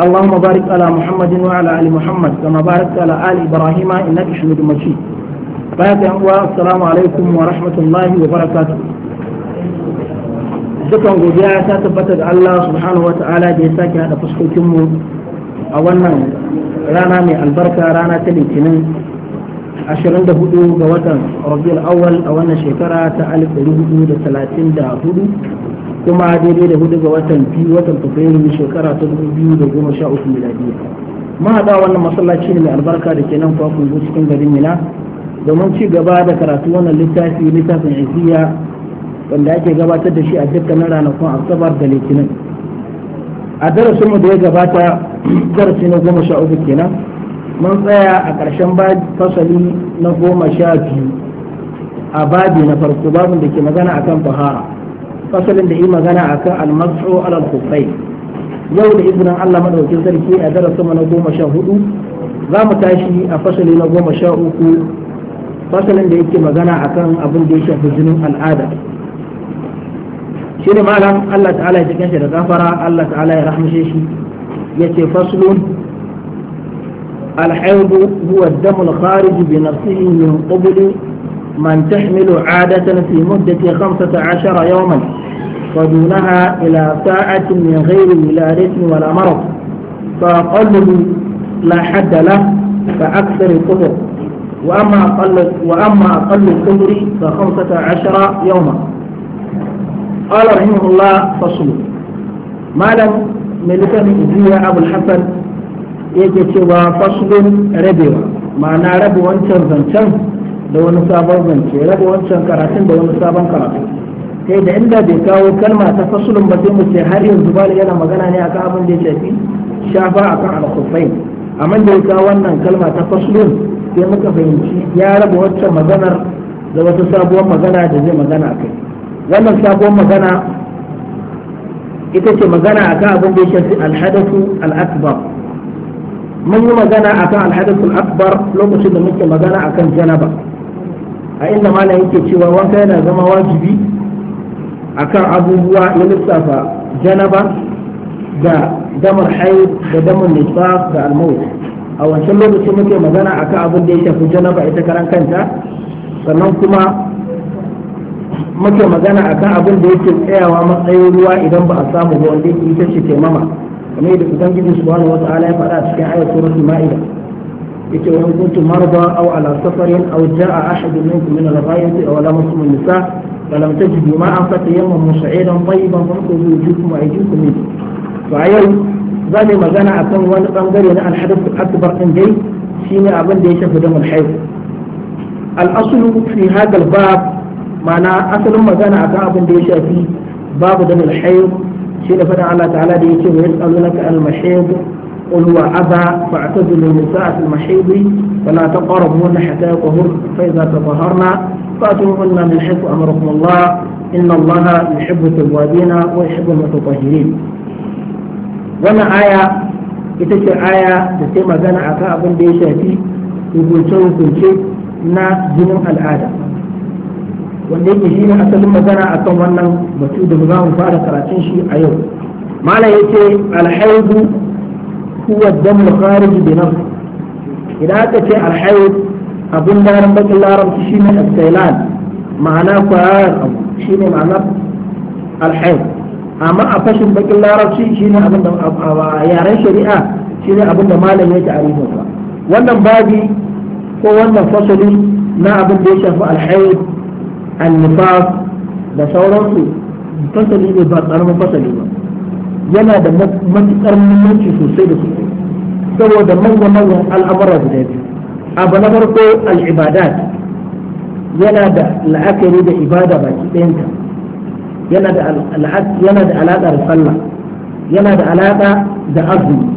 اللهم بارك على محمد وعلى ال محمد كما باركت على ال ابراهيم انك حميد مجيد bayan uwa assalamu alaikum wa rahmatullahi wa barakatuh dukan godiya ta tabbata ga Allah subhanahu wa ta'ala da ya sake hada fuskokin mu a wannan rana mai albarka rana ta litinin 24 ga watan rabiul awwal a wannan shekara ta 1434 kuma daidai da hudu ga watan biyu watan fabrairu shekara ta dubu biyu da goma sha uku miladiya mahaɗa wannan masallaci ne mai albarka da ke nan kwakwan zuwa cikin garin mina domin ci gaba da karatu wannan littafi littafin isiya wanda ake gabatar da shi a dukkanin ranakun asabar da litinin a darasin mu da ya gabata darasi na goma sha uku kenan mun tsaya a ƙarshen fasali na goma sha biyu a babi na farko babin da ke magana akan fahara fasalin da yi magana a kan almasu alal kufai yau da izinin allah maɗaukin sarki a darasin na goma sha hudu za mu tashi a fasali na goma sha uku fasalin da yake magana a kan abin da ya shafi jinin al'ada shine malam allah ta'ala ya cikin shi da gafara allah ta'ala ya rahmashe shi ya ce faslun الحيض هو الدم الخارج بنفسه من قبل من تحمل عادة في مدة خمسة عشر يوما ودونها إلى ساعة من غير ولادة ولا مرض فأقل لا حد له فأكثر الكفر وأما أقل وأما أقل الكفر فخمسة عشر يوما قال رحمه الله فصل ما لم ملكا إبليا أبو الحسن يجي فصل faslun ما نعرف rabe wancan zancen da wani sabon zance كراتين wancan karatun da sai da inda bai kawo kalma ta fasulun ba sai mu ce har yanzu bali yana magana ne akan abin da ya shafi shafa akan alkhufai amma da ya kawo wannan kalma ta fasulun sai muka fahimci ya raba wacce maganar da wata sabuwar magana da zai magana a kai wannan sabuwar magana ita ce magana akan abin da ya shafi alhadathu al-akbar mun yi magana akan alhadathu al-akbar lokacin da muke magana akan janaba a inda malam yake cewa wanka yana zama wajibi akan abubuwa ya lissafa janaba da damar haid da damar nisfaf da almaut a wancan lokacin muke magana akan abin da ya shafi janaba ita karan kanta sannan kuma muke magana akan abin da yake tsayawa matsayin ruwa idan ba a samu ba wanda yake ita ce taimama kamar yadda ubangiji subhanahu wata ala ya faɗa a cikin ayat suratul ma'ida yace wa in kuntum marda aw ala safarin aw ja'a ahadun minkum min al-ghaibi aw lamastum an-nisa' فلم تجدوا ما ماء فتيمموا صعيدا طيبا فانقذوا وجوهكم وايديكم منه فعيا زاني ما زانا اكون وانا قام داري انا الحدث الاكبر ان جاي شيني ابن دي شف دم الحيض الاصل في هذا الباب معنى اصل ما زانا اكون ابن دي شف باب دم الحيض شيل فدا الله تعالى دي يشوف ويسألونك عن المحيض قل هو أذى فاعتزلوا النساء في المحيض فلا تقربون حتى يطهر فإذا تطهرنا فاتوهن من حيث امركم الله ان الله يحب التوابين ويحب المتطهرين wannan aya ita ce aya da sai magana a kan abin da ya shafi hukunce-hukunce na jinin al'ada wanda yake shi ne asalin magana a kan wannan batu da za mu fara karatun shi a yau mala ya ce alhaidu huwa damar kharij bi nafsi idan aka ce alhaid abun daren bakin larabci shine al-sailan ma'ana kwayar abu shi ne ma'ana alhaif amma a fashin bakin larabci shine abin da yaren shari'a shi ne abin da malam ya ta'arifin sa wannan babi ko wannan fasali na abin da ya shafi alhaif annifas da sauransu fasali ne ba karamin fasali ba yana da matuƙar muhimmanci sosai da sosai saboda manyan manyan al'amuran guda biyu abu na farko al'ibadat yana da la'akari da ibada baki ɗayanta yana da alaƙa da sallah yana da alaƙa da azumi